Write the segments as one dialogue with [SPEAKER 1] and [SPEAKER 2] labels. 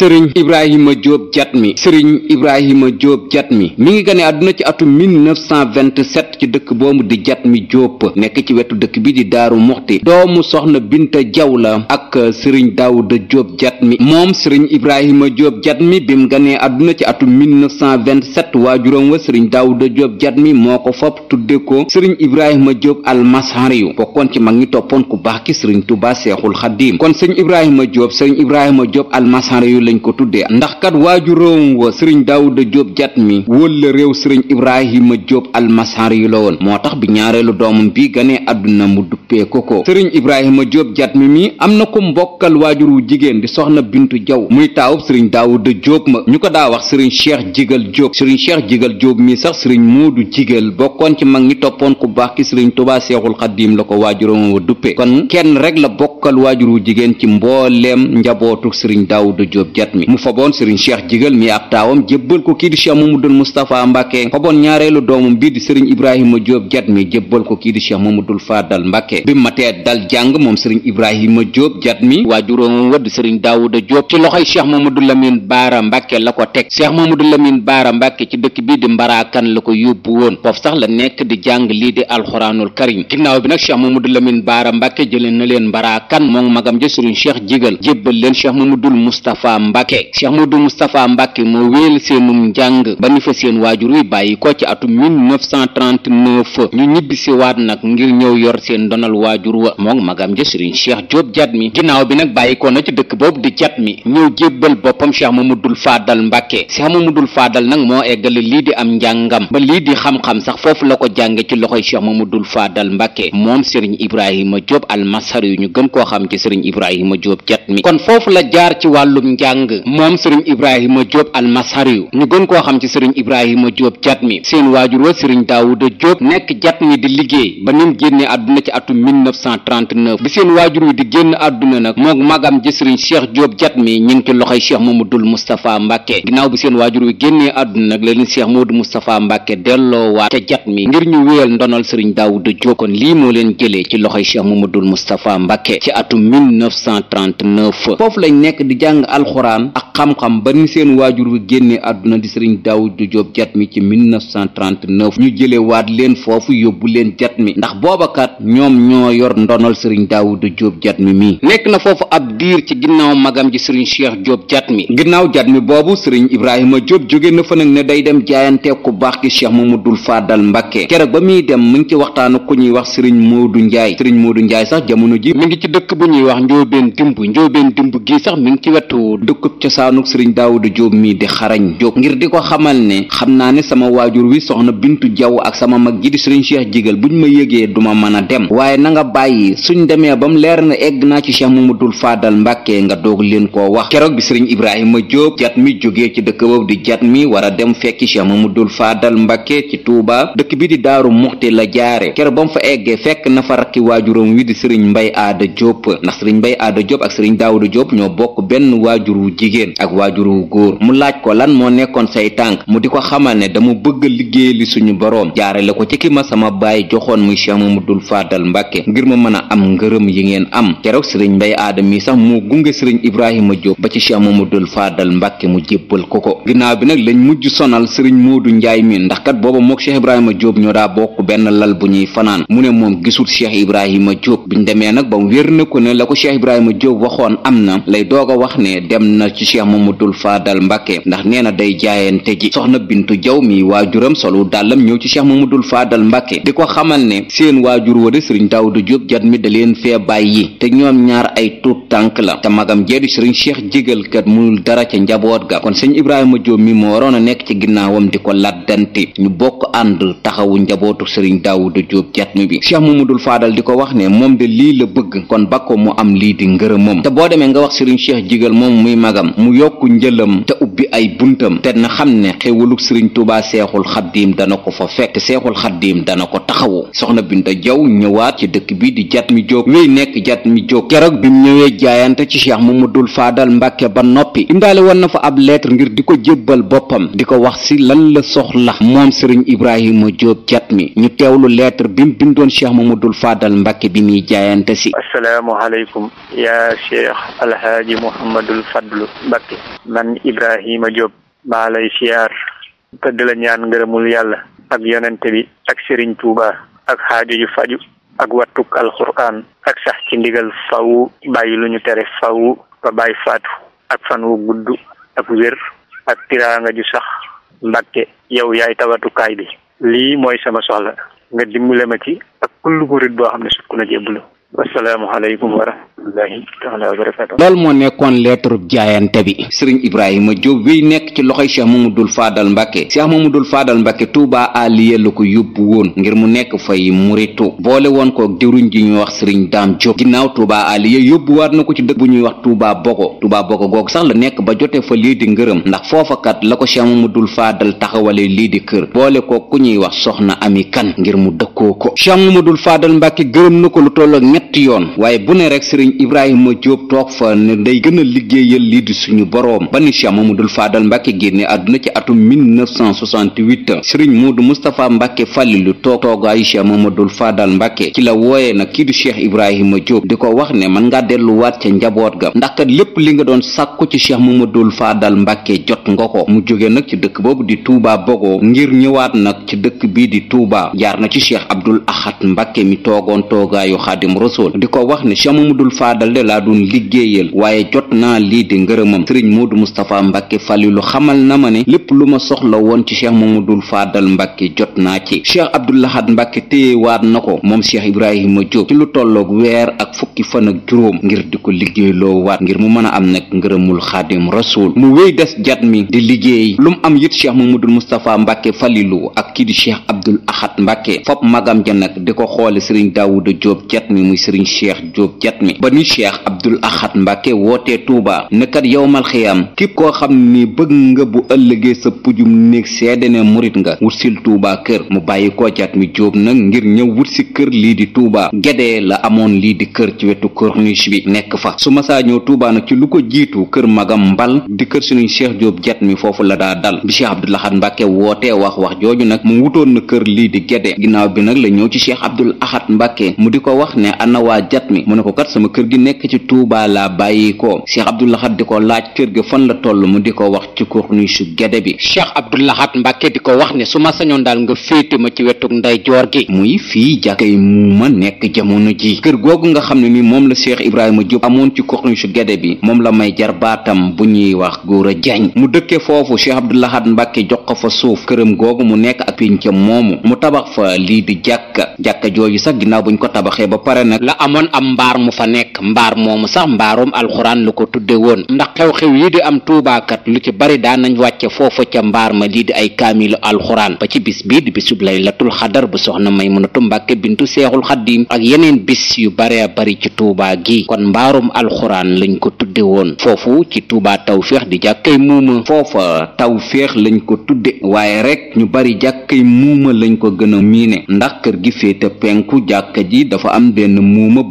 [SPEAKER 1] sëriñ ibrahima jóob jat mi sëriñ ibrahima jóob jat mi mi ngi gane àdduna ci atum 1927 ci dëkk boobu di jat mi jóob nekk ci wetu dëkk bi di daaru muxti doomu soxna binta jaw la ak sëriñ daawuda jóob jat mi moom sëriñ ibrahima jóob jat mi bi mu ganee àdduna ci atum waa waajuram wa sëriñ daawuda jóob jat mi moo ko fopp tudde ko sëriñ ibrahima jóob almashariyu bokkoon ci mag ñi toppoon ku baax ki sëriñ tubaa seexul xadiim kon sëriñ ibrahima jóob sëriñ ibrahima jóob almashariyu lañ ko tuddee ndax kat waajuróom wa sëriñ daawuda jóob jat mi wól la réew sëriñ ibrahima jóob almasar yu la woon moo tax bi ñaareelu doomu bi ganee àdduna mu duppee ko ko sëriñ ibrahima jóob jat mi mi am na ko mbokkal waajur wu jigéen di soxna bintu jaw muy taawub sëriñ daawuda jóob ma ñu ko daa wax sëriñ cheikh jigal jóob sëriñ cheikh jigal jóob mii sax sëriñ moodu jigal bokkoon ci mag ñi toppoon ku baax ki sëriñ tubaa seexul xaddiim la ko waajuróom wa duppee kon kenn rek ci mbooleem njabootu sëriñ daawuda cat mi mu foboon sëriñ cheikh jigal mi ab taawam jébbal ko kii di cheikh mamadul moustapha mbàkke foboon ñaareelu doomam bii di sëriñ ibrahima jóob jat mi jébbal ko kii di cheikh mamadul faadal mbàkke bi matee dal jàng moom sëriñ ibrahima jóob jat mi waajuróomam wa di sëriñ daawuda jóob ci loxoy cheikh mamadou lamin baara mbàkke la ko teg cheikh mamadou lamin baara mbàkke ci dëkk bii la ko yóbbu woon foofu sax la nekk di jàng lii di alxuraanul karim ginnaaw bi nag cheikh mamadou lamin baara mbàkke jëleen na leen mbaraakan moom magam ja sëriñ cheikh jigal jébbal leen cheikh mamadul moustapha Mbacke Cheikh Modou Moustapha Mbacke moo wéel seenum njàng ba ni fa seen waajur wi bàyyi ko ci atum 1939 ñu ñibbisi waat nag ngir ñëw yor seen donal waajur wa moom magam ja Serigne Cheikh Diop jat mi ginnaaw bi nag bàyyi ko na ci dëkk boobu di jat mi ñëw jébbal boppam Cheikh Mamadul Faadal Mbacke Cheikh Mamadul Faadal nag moo eggale lii di am njàngam ba lii di xam-xam sax foofu la ko jànge ci loxo loxoy Cheikh Mamadul Faadal Mbacke moom Serigne Ibrahima Diop almasar yu ñu gën koo xam ci Serigne Ibrahima Diop jat mi kon jàng moom sëriñ ibrahima jóob almasariyu ñu gën koo xam ci sëriñ ibrahima jóob jat mi seen waajur wa sëriñ daawuda jóob nekk jat mi di liggéey ba nim génnee àdduna ci atum 1939 bi seen waajur wi di génn àdduna nag mook magam ji sëriñ cheikh jóob jat mi ñu ngi ci loxoy cheikh mamadul moustapha mbàkke ginnaaw bi seen waajur wi génnee àdduna nag la leen cheikh mamadou moustapha mbàkke delloo waat ca jat mi ngir ñu wéyal ndonal sëriñ daawuda jóob kon lii moo leen jëlee ci loxoy cheikh mamadul moustapha mbàkke ci atum 1939 foofu lañ nekk di alxuraan ak xam-xam ba ni seen waajur wi génne àdduna di sëriñ Daawuda Jóob jat mi ci 1939 ñu jële waat leen foofu yóbbu leen jat mi ndax boobakat ñoom ñoo yor ndonal sëriñ Daawuda Jóob jat mi mii nekk na foofu ab diir ci ginnaaw magam ji sëriñ Cheikh Jóob jat mi ginnaaw jat mi boobu sëriñ Ibrahima Jóob jóge na fa nag ne day dem jaayante ku baax ki Cheikh Mamadul Faadal Mbàkke keroog ba muy dem mu ngi ci waxtaanu ku ñuy wax sëriñ Moodu Njaay sëriñ Moodu Njaay sax jamono ji mi ngi ci dëkk bu ñuy wax njóobeen dimb njóobeen dimb gi sax mi ngi ci wetu dëkkub cosaanuk sëriñ daawuda jóob mii di xarañ jóg ngir di ko xamal ne xam naa ne sama waajur wi soxna bintu jaw ak sama mag ji di sëriñ cheikh jigal bu ñu ma yëgee duma mën a dem waaye nanga bàyyi suñ demee ba mu leer na egg naa ci cheikh dul faadal mbàkke nga doog leen koo wax keroog bi sëriñ ibrahima jóob jat mi jógee ci dëkk boobu di jat mi war a dem fekki mu dul faadal mbàkke ci tuubaa dëkk bi di daaru muxti la jaare keroog bam fa eggee fekk na fa rakki waajuram wi di sëriñ mbay aada jóob ndax sëriñ mbay aada waajuru jigéen ak waajuru góor mu laaj ko lan moo nekkoon say tànk mu di ko xamal ne dama bëgg liggéey li suñu boroom la ko ci ki ma sama baay joxoon muy mu dul Fadal Mbàkke ngir ma mën a am ngërëm yi ngeen am keroog sëriñ Mbay Aadam yi sax moo gunge sëriñ Ibrahima Diop ba ci mu dul Fadal Mbàkke mu jébbal ko ko ginnaaw bi nag lañ mujj sonal sëriñ Moodu Njaay mi ndax kat booba mook Cheikh Ibrahima Diop ñoo daa bokk benn lal bu ñuy fanaan mu ne moom gisul Cheikh Ibrahima Diop biñ demee nag ba mu wér na ko ne jëm na ci cheikh mamadul faadal mbàkke ndax nee na day jaayante ji soxna bintu jaw mi waajuram solu dàllam ñëw ci cheikh dul faadal mbàkke di ko xamal ne seen waajur wa de sëriñ daawuda jóob jat mi da leen fee bàyyi te ñoom ñaar ay tuut tànk la te magam jeedu sëriñ cheikh jégalkat munul dara ca njaboot ga kon sëñ ibrahima jóob mi moo waroon a nekk ci ginnaawam di ko laddanti ñu bokk ànd taxawu njabootu sëriñ daawuda jóob jat mi bi cheikh mamadul faadal di ko wax ne moom de lii la bëgg kon bakko mu am lii di ngërëmam te boo demee nga wax sëriñ cheikh jigal moom muy magam mu yokk njëlam te ubbi ay buntam te na xam ne xéewalug sëriñ tuubaa seexul xaddiim dana ko fa fekk te seexul xaddiim dana ko taxawu soxna bind binta jaw ñëwaat ci dëkk bi di jat mi jóg miy nekk jat mi jóg keroog bi mu ñëwee jaayante ci cheikh mamadul faadal mbàkke ba noppi indaale woon na fa ab lettre ngir di ko jébbal boppam di ko wax si lan la soxla moom sëriñ ibrahima jóob jat mi ñu teewlu lettre bi mu bindoon cheikh mamadul faddal mbàkke bi muy jaayante si asalaamaaleykum
[SPEAKER 2] yaa cheikh alhaaji muhammadul fadl jublu Mbàkke man Ibrahima Diop maa lay siyaar ñaan ngërëmul yàlla ak yonente bi ak sëriñ Touba ak xaajo ju faju ak wattuk alquran ak sax ci ndigal faw bàyyi lu ñu tere faw ba bàyyi faatu ak fan wu gudd ak wér ak tiraanga ju sax Mbàkke yow yaay tawatukaay bi lii mooy sama soxla nga dimbale ma ci ak kullu murid boo xam ne sukk na jébbalu wassalaamu aleykum wa lool
[SPEAKER 1] moo nekkoon lettre jaayante bi sëriñ ibrahima Diop wiy nekk ci loxoy cheikh mamadul faadal mbàkke cheikh mamadul faadal mbàkke tuubaa aliye lu ko yóbbu woon ngir mu nekk fay muritu boole woon ko jëruñ ji ñuy wax sëriñ daam Diop ginnaaw tuubaa aliye yóbbu waat na ko ci dëkk bu ñuy wax tuubaa boko tuubaa boko googu sax la nekk ba jotee fa lii di ngërëm ndax foofakat la ko cheikh dul faadal taxawale lii di kër boole ko ku ñuy wax soxna ami kan ngir mu dëkkoo ko cheikh dul faadal mbàkke gërëm na ko lu tollook ñett yoon waaye bu ne rek sëriñ sëriñ Ibrahima Diop toog fa ne day gën a liggéeyal lii di suñu boroom ba ni Cheikh Mamadou Fadal Mbàkke génne àdduna ci atum 1968 sëriñ Modou Moustapha Mbàkke Fàllilu toog toogaayu Cheikh dul Fadal Mbàkke ci la wooyee nag kii di Cheikh Ibrahima Diop di ko wax ne man ngaa delluwaat ca njaboot ga ndax kat li nga doon sàkku ci Cheikh Mamadou Fadal Mbàkke jot nga ko mu jóge nag ci dëkk boobu di Touba Bogo ngir ñëwaat nag ci dëkk bii di Touba jaar na ci Cheikh Abdoul Ahad Mbàkke mi toogoon toogaayu Xaadim Rasul di ko wax ne Cheikh Mamadou faadal de laa doon liggéeyal waaye jot naa lii di ngërëmam sëriñ du Moustapha Mbacke Falilu xamal na ma ne lépp lu ma soxla woon ci cheikh dul Faadal Mbacke jot naa ci cheikh Abdoul Ahad Mbacke waat na ko moom cheikh Ibrahima Diop ci lu tolloog weer ak fukki fan ak juróom ngir di ko liggéeyloo waat ngir mu mën a am nag ngërëmul xaadim rasul mu wéy des jat mi di liggéey lu mu am yit cheikh Mamadou Moustapha Mbacke Falilu ak kii di cheikh Abdoul Ahad Mbacke fop magam ja nag di ko xoole sëriñ Daouda Diop jat mi muy sëriñ cheikh Diop jat mi ba ni cheikh abdul axat wootee tuuba ne kat yowmal xiyaam koo xam ni bëgg nga bu ëllëgee sa pujum néeg seede ne murit nga wutsil tuubaa kër mu bàyyi ko jaat mi jóob nag ngir ñëw wut si kër lii di tuuba gedee la amoon lii di kër ci wetu corniche bi nekk fa su masaa ñëw tuuba nag ci lu ko jiitu kër magam mbal di kër suñuy cheikh jóob jaat mi foofu la daa dal bi cheikh abdul axat mbàkke wootee wax wax jooju nag mu wutoon na kër lii di gedee ginnaaw bi nag la ñëw ci cheikh abdul axat mbàkke mu di ko wax ne ana waa kër gi nekk ci Touba la bàyyi ko Cheikh Abdoul Ahad di ko laaj kër gi fan la toll mu di ko wax ci corniche gede bi Cheikh Abdoul Ahad Mbacke di ko wax ne su ma sañoon daal nga féete ma ci wetuk ndeyjoor gi muy fii jàkkay muuma nekk jamono ji kër googu nga xam ne ni moom la Cheikh Ibrahima Diop amoon ci corniche gede bi moom la may jar baatam bu ñuy wax góor a Diagne mu dëkke foofu Cheikh Abdoul Ahad jox ko fa suuf këram googu mu nekk ak pincam moomu mu tabax fa lii di jàkka jàkka jooju nekk mbaar moomu sax mbaarum alxuraan la ko tudde woon ndax xew-xew yi di am tuubaakat lu ci bari daan nañ wàcce foofa ca mbaar ma lii di ay kaamilu alxuraan ba ci bis bii di bisub latul xadar bu soxna may Maymunatu Mbàkke bintu seexul xaddiim ak yeneen bis yu bare bari ci tuubaa gi kon mbaarum alxuraan lañ ko tudde woon foofu ci tuubaa tawféex di jàkkay muuma foofa tawféex lañ ko tudde waaye rek ñu bari jàkkay muuma lañ ko gën a miine ndax kër gi féete penku jàkka ji dafa am benn muuma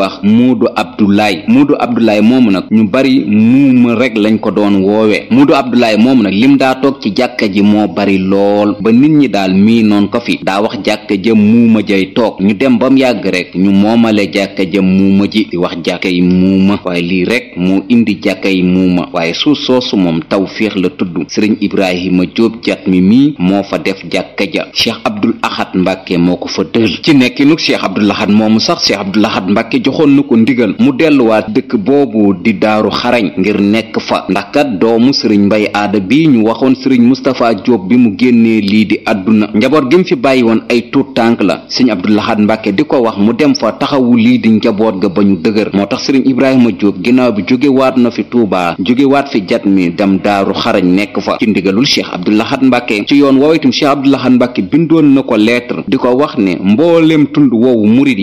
[SPEAKER 1] wax muudu abdulaay muudu abdulaay moomu nag ñu bari muuma rek lañ ko doon woowe muudu abdulaay moomu nag lim daa toog ci jàkka ji moo bari lool ba nit ñi daal mii noon ko fi daa wax jàkka ja muuma jay toog ñu dem ba mu yàgg rekk ñu moomale jàkka ja muuma ji di wax jàkka yi muuma waaye lii rek moo indi jàkka yi muuma waaye suuf soosu moom tawféex la tudd sëriñ ibrahima jóob jat mi mii moo fa def jàkka ja cheikh abdul ahad mbàkke moo ko fa dël joxoon na ko ndigal mu delluwaat dëkk boobu di daaru xarañ ngir nekk fa ndax kat doomu sëriñ mbay aada bi ñu waxoon sëriñ mustapha jóob bi mu génnee lii di àdduna njaboot gi mu fi bàyyi woon ay tuut tànk la sëriñ abdou lahad mbàkke di ko wax mu dem fa taxawu lii di njaboot ga ba ñu dëgër moo tax sëriñ ibrahima jóob ginnaaw bi jóge waat na fi tuubaa jóge waat fi jat mi dem daaru xarañ nekk fa ci ndigalul cheikh abdou lahad mbàkke ci yoon woow itam cheikh abdou lahad mbàkke bindoon na ko lettre di ko wax ne mboolem tund woowu murit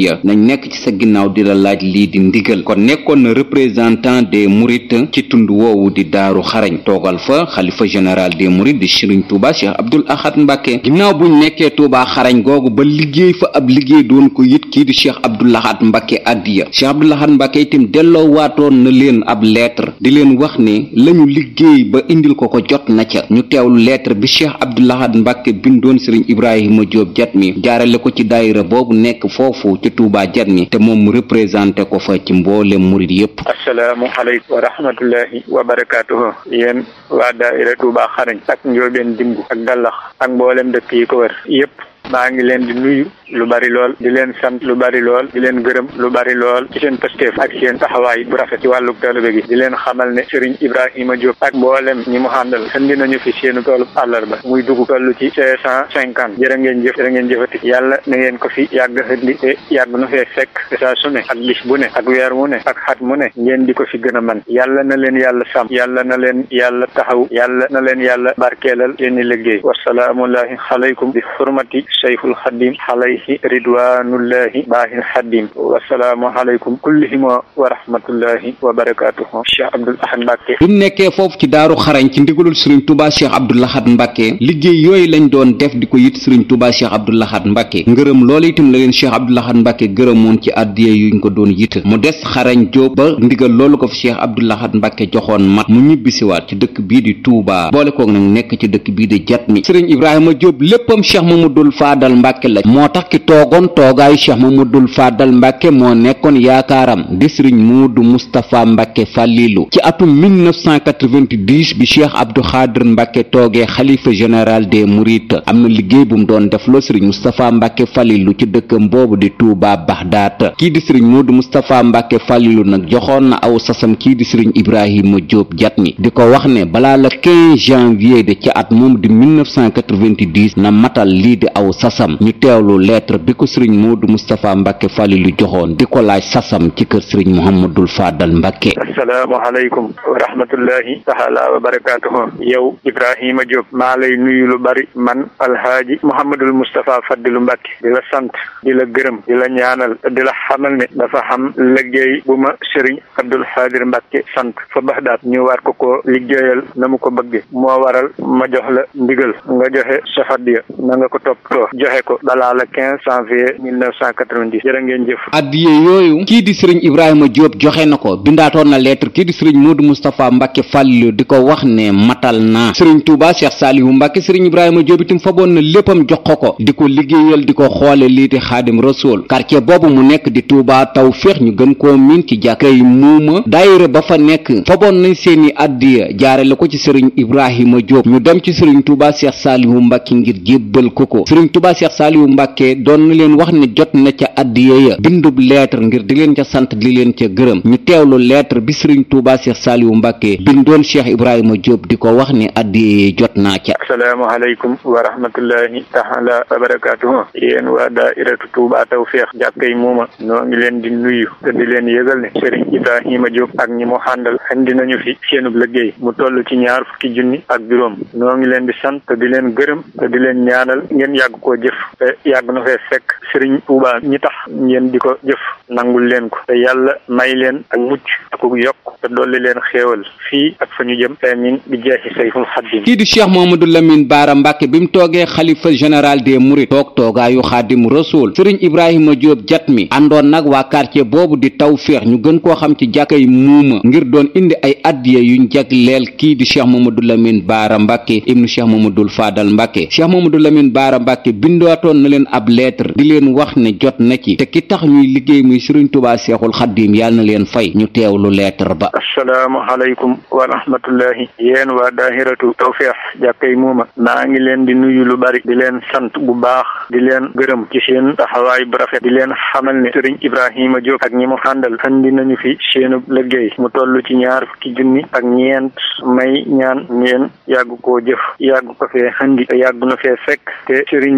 [SPEAKER 1] laaj lii di ndigal kon nekkoon na représentant de murit ci tund woowu di daaru xarañ toogal fa xalifa général des mourides di sëriñ Touba Cheikh Abdoul Ahad Mbacke ginnaaw buñ nekkee Touba xarañ googu ba liggéey fa ab liggéey doon ko yit kii di Cheikh Abdoul Ahad Mbacke addiya Cheikh Abdoul Ahad Mbacke itam delloo waatoon na leen ab lettre di leen wax ne lañu liggéey ba indil ko ko jot na ca ñu teewlu lettre bi Cheikh Abdoul Ahad Mbacke bindoon sëriñ Ibrahima Diop jat mi jaarale ko ci daayira boobu nekk foofu ci Touba mi te moom représenté ko fa ci mboolem murit yépp
[SPEAKER 2] asalaamu aleykum wa rahmatullahi wa barakaatuhu yéen waa daaira Tuubaa xarañ ak njoobeen dimbu ak dallax ak mboolem dëkk yi ko yépp maa ngi leen di nuyu lu bari lool di leen sant lu bari lool di leen gërëm lu bari lool ci seen pësteef ak seen taxawaay bu rafet ci wàllu taalibe gi di leen xamal ne Serigne Ibrahima Diop ak mboolem ñi mu àndal indi nañu fi seenu toolu àllarba muy dugg toll ci cinq cent cinquante jërë ngeen jëf jërë ngeen jëfati yàlla na ngeen ko fi yàgg indi yàgg na fee fekk saa su ne ak bis bu ne ak weer wu ne ak xat mu ne ngeen di ko fi gën a man yàlla na leen yàlla sàmm yàlla na leen yàlla taxaw yàlla na leen yàlla barkeelal seeni liggéey wasalaamu aleykum bi xurmati cheikhul xadim alayhi ridwanullahi baahil xadim wasalaamu aleykum kullihima wa rahmatullahi wa barakatuhu cheikh abdul ahad mbàkke bi mu
[SPEAKER 1] nekkee foofu ci daaru xarañ ci ndigalul sëriñ tubaa cheikh abdul ahad mbàkke liggéey yooyu lañ doon def di ko yit sëriñ tubaa cheikh abdul ahad mbàkke ngërëm loolu itam la leen cheikh abdul ahad mbàkke gërëmoon ci addiye yuñ ko doon yit mu des xarañ jóob ba ndigal loolu ko fi cheikh abdul ahad mbàkke joxoon mat mu ñibbisiwaat ci dëkk bii di tuubaa boole koog nag nekk ci dëkk bii di jat mi sëriñ ibrahima jóob léppam cheikh mamadul fa faadal mbàkke la moo tax ki toogoon toogaayu cheikh mamadul faadal mbàkke moo nekkoon yaakaaram di sëriñ muudu mustapha mbàkke fàllilu ci atum 1990 bi cheikh abdou xaadir mbàkke toogee xalifa général des mourides am na liggéey bu mu doon def loo sëriñ mustapha mbàkke fàllilu ci dëkkam boobu di tuubaa baxdaat kii di sëriñ muudu mustapha mbàkke fàllilu nag joxoon na aw sasam kii di sëriñ ibrahima jóob jatni di ko wax ne balaa la 15 janvier de ci at moom di na matal lii di sasam ñu teewlu lettre bi ko sëriñ Modou Moustapha Mbacke Falilu joxoon di ko laaj sasam ci kër sëriñ Mouhamadul Fadal Mbacke.
[SPEAKER 2] asalaamaaleykum wa rahmatullahi taala wa barakaatuhu yow Ibrahima Diop maa lay nuyu lu bari man alhaaji Mouhamadul Moustapha Fadilu Mbacke di la sant di la gërëm di la ñaanal di la xamal ne dafa xam liggéey bu ma sëriñ Abdul Xaadir Mbacke sant fa Baxdaad ñu war ko ko liggéeyal na mu ko bëgge moo waral ma jox la ndigal nga joxe sa ko joxe ko balaa la quinze janvier mille neuf cent quatre-vingt-dix jërë ngeen jëf
[SPEAKER 1] addiye yooyu kii di sëriñ Ibrahima Diop joxe na ko bindaatoon na lettre kii di sëriñ Modou Moustapha Mbacke Fallou di ko wax ne matal naa sëriñ Touba Cheikh Saliou Mbacke sëriñ Ibrahima Diop itam faboon na léppam jox ko ko di ko liggéeyal di ko xoole lii di Xaadim Rasool quartier boobu mu nekk di Touba Tawféex ñu gën koo miin jàkk jàkkay muuma daayira ba fa nekk faboon nañ seeni addiya jaare la ko ci sëriñ Ibrahima Diop ñu dem ci sëriñ Touba Cheikh Saliou Mbacke ngir jébbal sëriñ tubaa seex saaliwu mbàkke doon na leen wax ne jot na ca addiye ya bindub lettre ngir di leen ca sant di leen ca gërëm ñu teewlu lettre bi sëriñ tubaa seex saaliwu mbàkke bindoon cheikh ibrahima Diop di ko wax ni addiye yi jot naa ca
[SPEAKER 2] asalaamaaleykum wa rahmatullahi taala wa barakatuhu yéen waa daairatu tuubaa tawfeex jàkkay muuma noo ngi leen di nuyu te di leen yëgal ne sëriñ ibrahima Diop ak ñi mu xàndal andi nañu fi seenub liggéey mu toll ci ñaar fukki junni koo jëf yàgg na fee fekk sëriñ Tuubaa ñi tax ngeen di ko jëf nangul leen ko te yàlla may leen ak mucc ak yokk te dolli leen xéewal fii ak fa ñu jëm te ñin di jeexi sayful xaddim kii
[SPEAKER 1] di Cheikh Mouhamadou Lamine Baara Mbàkke bi mu toogee xalifa général des Mourides toog toogaayu xaadim rasul sëriñ Ibrahima Diop jat mi àndoon nag waa quartier boobu di taw feex ñu gën koo xam ci jàkkay muuma ngir doon indi ay addiya yuñ jagleel kii di Cheikh Mouhamadou Lamine Baara Mbàkke ibnu Cheikh Mouhamadoul Fadal Mbàkke mbàkke bindaatoon na leen ab lettre di leen wax ne jot na ci te ki tax ñuy liggéey muy sëriñ tubaa seexul xaddiim yàlla na leen fay ñu teewlu lettre ba
[SPEAKER 2] assalaamu aleykum wa rahmatullahi yéen waa daahiratu tawfeex jàkkay muuma maa ngi leen di nuyu lu bari di leen sant bu baax di leen gërëm ci seen taxawaay bu rafet di leen xamal ne sëriñ ibrahima Diop ak ñi mu xàndal andi nañu fi seenu liggéey mu toll ci ñaar fukki junni ak ñeent may ñaan ngeen yàgg ko jë xandi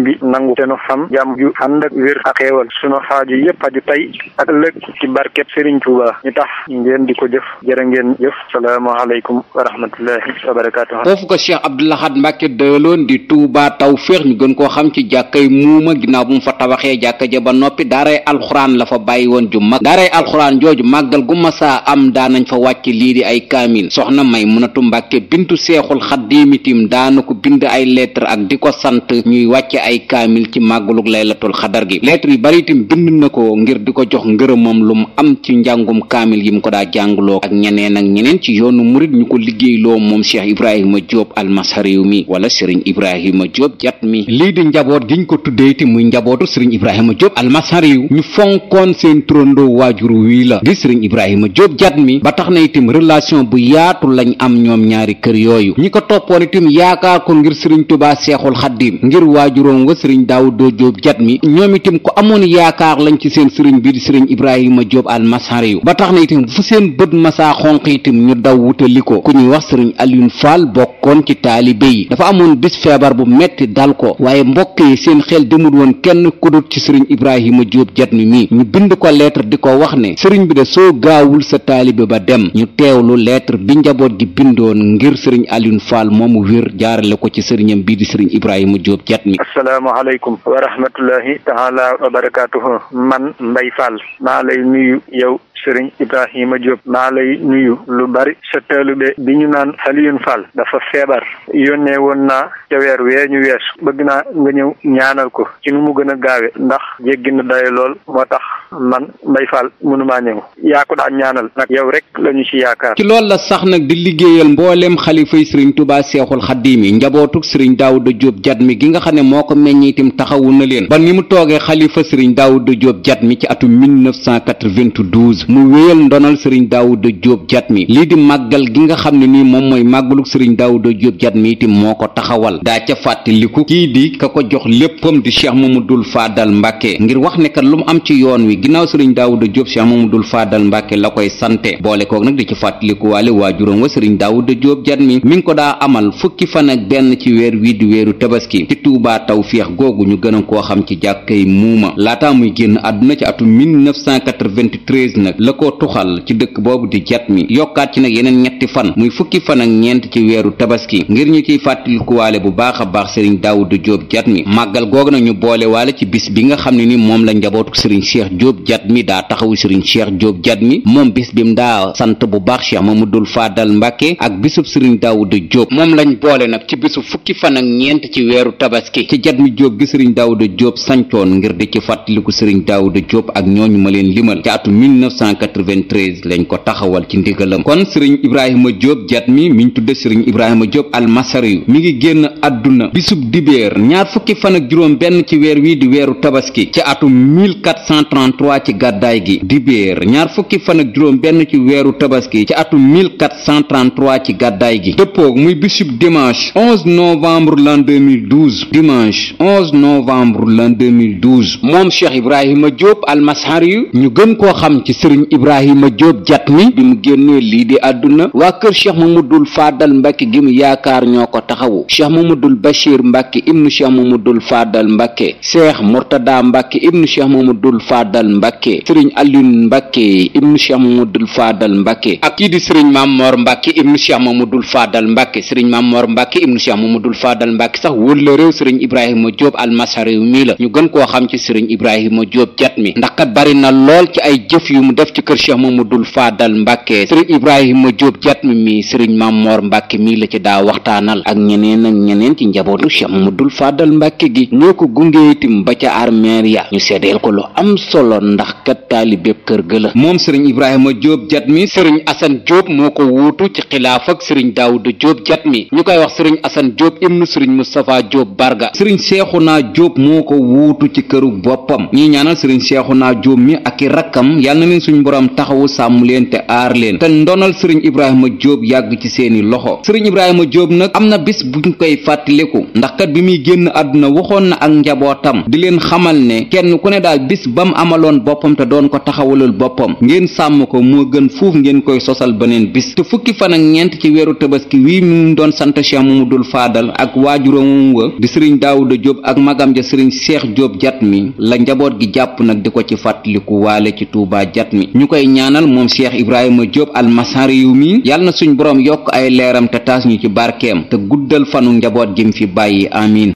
[SPEAKER 2] sëriñ bi nangu te nu xam jàmm ju ànd ak wér ak xeewal sunu xaaju yépp aju tey ak ëllëg ci barkeb sëriñ Tuuba ñu tax ngeen di ko jëf jërë ngeen jëf salaamaaleykum wa rahmatullahi wa barakaatu foofu
[SPEAKER 1] ko Cheikh Abdou Lahad Mbacke doyaloon di Touba Tawféex ñu gën koo xam ci jàkkay muuma ginnaaw bu mu fa tabaxee jàkka ja ba noppi daaray alxuraan la fa bàyyi woon ju mag daaray alxuraan jooju màggal gu masaa am daanañ fa wàcc lii di ay kaamil soxna may munatu Mbacke bintu seexul xaddiimitim daana ko bind ay lettre ak di ko sant ñuy wàcce ay kaamil ci màggalug laylatul xadar gi lettre yu bari itam bind na ko ngir di ko jox ngërëmam lu mu am ci njàngum kaamil yi mu ko daa jàngloo ak ñeneen ak ñeneen ci yoonu murit ñu ko liggéeyloo moom cheikh ibrahima diop almasariw mi wala sëriñ ibrahima diop jat mi lii di njaboot giñ ko tuddee itam muy njabootu sëriñ ibrahima diop almasariw ñu fonkoon seen turandoo waajur wii la di sëriñ ibrahima diop jat mi ba tax na itam relation bu yaatu lañ am ñoom ñaari kër yooyu doom wa sëriñ Daawuda Jóob mi ñoom itam ku amoon yaakaar lañ ci seen sëriñ bi di sëriñ Ibrahima Jóob almasari yu ba tax na itam fu seen bët masaa xonq itam ñu daw wutali ko ku ñuy wax sëriñ Alioune Fall bokkoon ci taalibe yi dafa amoon bis feebar bu metti dal ko waaye mbokk seen xel demul woon kenn ku dut ci sëriñ Ibrahima Jóob Jatmi mi ñu bind ko lettre di ko wax ne sëriñ bi de soo gaawul sa taalibe ba dem ñu teewlu lettre bi njaboot gi bindoon ngir sëriñ Alioune Fall moomu wér jaarale ko ci sëriñam bii di sëriñ Ibrahima Jóob Jatmi
[SPEAKER 2] asalaamaaleykum wa rahmatullahi taala wa barakaatuhu man Mbaye Fall maa lay nuyu yow sëriñ Ibrahima Diop maa lay nuyu lu bari sa taalube bi ñu naan Alioune Fall dafa feebar yónnee woon naa ca weer wee ñu weesu bëgg naa nga ñëw ñaanal ko ci nu mu gën a gaawe ndax jéggi na dayo lool moo tax man Mbaye Fall mënumaa ñëw yaa ko daan ñaanal nag yow rek la ñu ci yaakaar.
[SPEAKER 1] ci loolu la sax nag di liggéeyal mboolem xalifay sëriñ Touba Seexul Xaddiim yi njabootuk sëriñ jóob jat mi gi nga xam ne moo ko meññ itam taxawu na leen ba ni mu toogee xalifa sëriñ Daawuda Diop Jatmi ci atum 1992 mu wéyal ndonal sëriñ daawuda jóob jat mi lii di màggal gi nga xam ne nii moom mooy màggaluk sëriñ daawuda jóob jat mi itam moo ko taxawal daa ca fàttaliku kii di ka ko jox léppam di mu dul faadal mbàkke ngir wax ne kat lu mu am ci yoon wi ginnaaw sëriñ daawuda jóob cheikh mamadul faadal mbàkke la koy sante boole koog nag di ci fàttalikuwaale waajuram wa sëriñ daawuda jóob jat mi mi ngi ko daa amal fukki fan ak benn ci weer wii di weeru tabaski ci tuubaa tawféex googu ñu gën a koo xam ci jàkkay muuma laataa muy génn àdduna ci atum 1993 nag la ko tuxal ci dëkk boobu di jat mi yokkaat ci nag yeneen ñetti fan muy fukki fan ak ñeent ci weeru tabaski ngir ñu ciy fàttalikuwaale bu baax a baax sëriñ daawuda jóob jat mi màggal googu nag ñu boole waale ci bis bi nga xam ne ni moom la njabootu sëriñ cheikh jóob jat mi daa taxawu sëriñ cheikh jóob jat mi moom bis bi daa sant bu baax cheikh mamadul faadal mbàkke ak bisub sëriñ daawuda jóob moom lañ boole nag ci bisu fukki fan ak ñeent ci weeru tabaski ci jat mi jóob gi sëriñ daawuda jóob sancoon ngir di ci fàttaliku sëriñ daawuda jóob ak ñooñu ma leen limal ci atu 19 1993 lañ ko taxawal ci ndigalam kon sëriñ Ibrahima Diop jat mi miñ tudde sëriñ Ibrahima Diop almasariyu mi ngi génn àdduna bisub dibéer ñaar fukki fan ak juróom benn ci weer wii di weeru tabaski ci atum 1433 ci gàddaay gi dibéer ñaar fukki fan ak juróom benn ci weeru tabaski ci atum 1433 ci gàddaay gi dëppoog muy bisub dimanche 11 novembre l'an dimanche novembre l'an 2012 moom Cheikh Ibrahima Diop almasariyu ñu gën koo xam ci sëriñ sëriñ ibrahima jóob jat mi bi mu génnee lii di àdduna waa kër cheikh mamadul faadal mbàkke gi mu yaakaar ñoo ko taxawu cheikh mamadul bachir mbàkke ibnu cheikh mamadul faadal mbàkke cheikh murtada mbàkke ibnu cheikh mamadul faadal mbàkke sëriñ aliyun mbàkke ibnu cheikh mamadul faadal mbàkke ak kii di sëriñ mamor mbàkke ibnu cheikh mamadul faadal mbàkke sëriñ mamor mbàkke ibnu cheikh mamadul faadal mbàkke sax wóolu la réew sëriñ ibrahima jóob almasari mi la ñu gën koo xam ci sëriñ ibrahima jóob jat mi ndax def ci kër cheikh mamadul faadal mbàkke sëriñ ibrahima jóob jatm mi sëriñ mammoor mbàkke mii la ci daa waxtaanal ak ñeneen ak ñeneen ci njabootu cheikh dul faadal mbàkke gi ñoo ko gungee itam ba ca armeer ya ñu seedeel ko lu am solo ndax kat taalibeeb kër gëla moom sëriñ ibrahima jóob mi sëriñ asan jóob moo ko wuutu ci xilaaf ak sëriñ daawuda jóob mi ñu koy wax sëriñ asan jóob ibnu sëriñ mustapha jóob barga sëriñ naa jóob moo ko wuutu ci këru boppam suñ borom taxawu sàmm leen te aar leen te ndonal sëriñ ibrahima jóob yàgg ci seeni loxo sëriñ ibrahima jóob nag am na bis ñu koy fàttaliku ndax kat bi muy génn àdduna waxoon na ak njabootam di leen xamal ne kenn ku ne daal bis mu amaloon boppam te doon ko taxawalul boppam ngeen sàmm ko moo gën fuuf ngeen koy sosal beneen bis te fukki fan ak ñeent ci weeru tabaski wii mu doon sant mu dul faadal ak waajuram wa di sëriñ daawuda jóob ak magam ja sëriñ seex jóob jat mi mi ñu koy ñaanal moom cheikh ibrahima diop almasari yu mi yàlla na suñ boroom yokk ay leeram te taas ñu ci barkeem te guddal fanu njaboot gim fi bàyyi amin